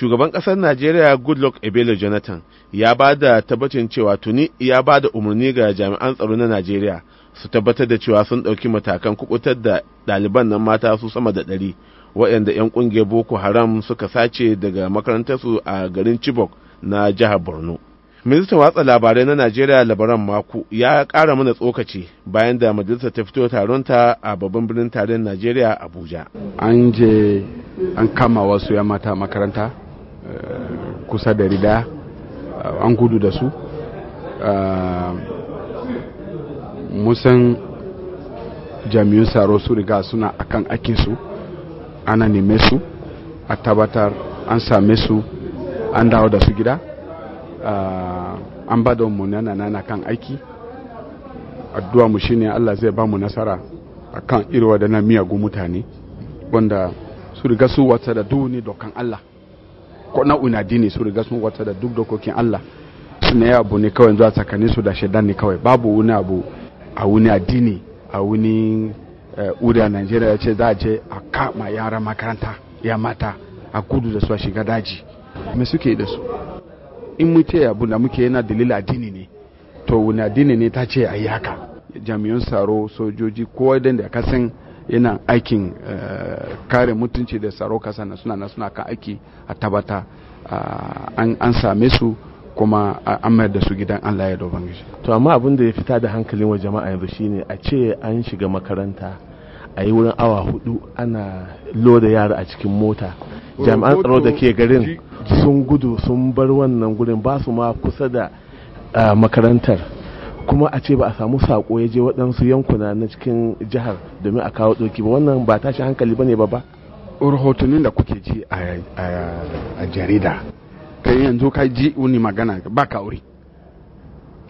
shugaban ƙasar najeriya goodluck ebele jonathan ya ba da tabbacin cewa tuni ya ba da umarni ga jami'an tsaro na najeriya su tabbatar da cewa sun ɗauki matakan kubutar da ɗaliban nan mata su sama da ɗari waɗanda 'yan ƙungiyar boko haram suka sace daga makarantarsu a garin chibok na jihar borno ministan watsa labarai na najeriya labaran maku ya ƙara mana tsokaci bayan da majalisa ta fito taron ta a babban birnin tarihin najeriya abuja an je an kama wasu ya mata makaranta kusa da rida uh, an gudu da su uh, musan jami'un tsaro su riga suna akan aikinsu ana neme su a tabbatar an same su an dawo da su gida uh, an ba da nana nana kan aiki addu'a mu shine Allah zai ba mu nasara akan irin na miyagun mutane wanda su riga su wata da duni dokan Allah ko nau'in addini su riga sun wata da duk dokokin Allah su ne abu ne kawai zuwa tsakanin su da shaidan ne kawai babu wani abu a wani addini a wani eh, uri a Najeriya ce za a je a kama yara makaranta ya mata a kudu da su a shiga daji me suke da su in mu abu da muke yana dalilin addini ne to wani addini ne ta ce a yi haka jami'an tsaro sojoji kowa da ka san yana aikin eh, kare mutunci da tsaro kasa na suna suna kan aiki a tabata eh, an same su kuma an mayar da su gidan Allah ya doban gishi to amma abin da ya fita da hankalin wa jama'a yanzu shine a ce an shiga makaranta a yi wurin awa hudu ana loda yara a cikin mota jami'an tsaro da ke garin sun gudu sun bar wannan gurin ba su ma kusa da eh, makarantar kuma a ce ba a samu sako ya je waɗansu yankuna na cikin jihar domin a kawo ɗauki ba wannan ba tashi hankali ba ne ba ba rahotannin da kuke ji a jarida kai yanzu ka ji wani magana ba ka wuri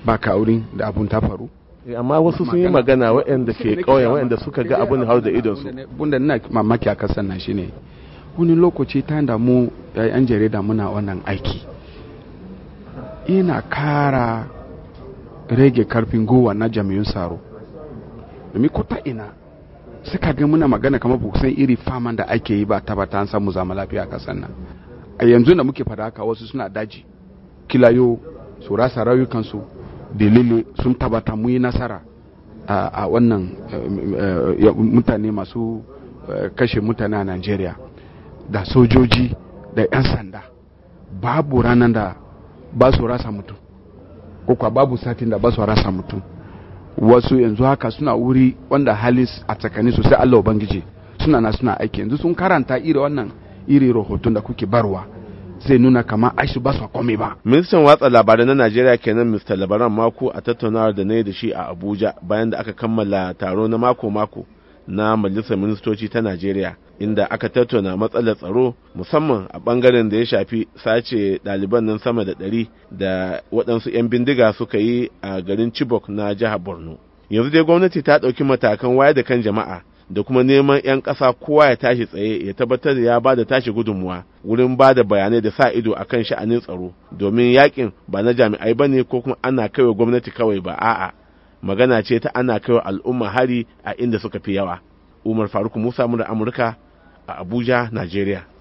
ba ka wuri da abun ta faru eh, amma wasu sun yi magana waɗanda ke ƙauyen waɗanda suka ga abun har da idonsu bunda ina mamaki a kasan nan shine wani lokaci ta da mu yan jarida muna wannan aiki Ina kara rage karfin gowa na jami'un tsaro domin ko ina suka ga muna magana kamar ba iri faman da ake yi ba ta an samu zama lafiya kasan nan a yanzu da muke fada haka wasu suna daji kilayo su rasa rayukansu dalili sun tabbata muyi nasara a wannan eh, eh, mutane masu eh, kashe mutane a Najeriya da sojoji da 'yan sanda babu ranar da ba su rasa mutum ko kwa babu satin da ba rasa mutum wasu yanzu haka suna wuri wanda hali a tsakani sosai allo Allah ubangiji suna na suna aiki yanzu sun karanta iri wannan iri rahoton da kuke barwa zai nuna kama aishi ba su komai ba. Ministan watsa labarai na Najeriya kenan Mr. Labaran Mako a tattaunawar da na yi da shi a Abuja bayan da aka kammala taro na mako-mako na Majalisar Ministoci ta Najeriya. inda aka tattauna matsalar tsaro musamman a bangaren da ya shafi sace ɗaliban nan sama da ɗari da waɗansu 'yan bindiga suka yi a garin Chibok na jihar Borno. Yanzu dai gwamnati ta ɗauki matakan waya da kan jama'a da kuma neman 'yan ƙasa kowa ya tashi tsaye ya tabbatar da ya ba da tashi gudunmuwa wurin ba da bayanai da sa ido a kan sha'anin tsaro domin yakin ba na jami'ai ba ne ko kuma ana kaiwa gwamnati kawai ba a'a magana ce ta ana kaiwa al'umma hari a inda suka fi yawa umar faruk musa mura amurka a Abuja, Najeriya.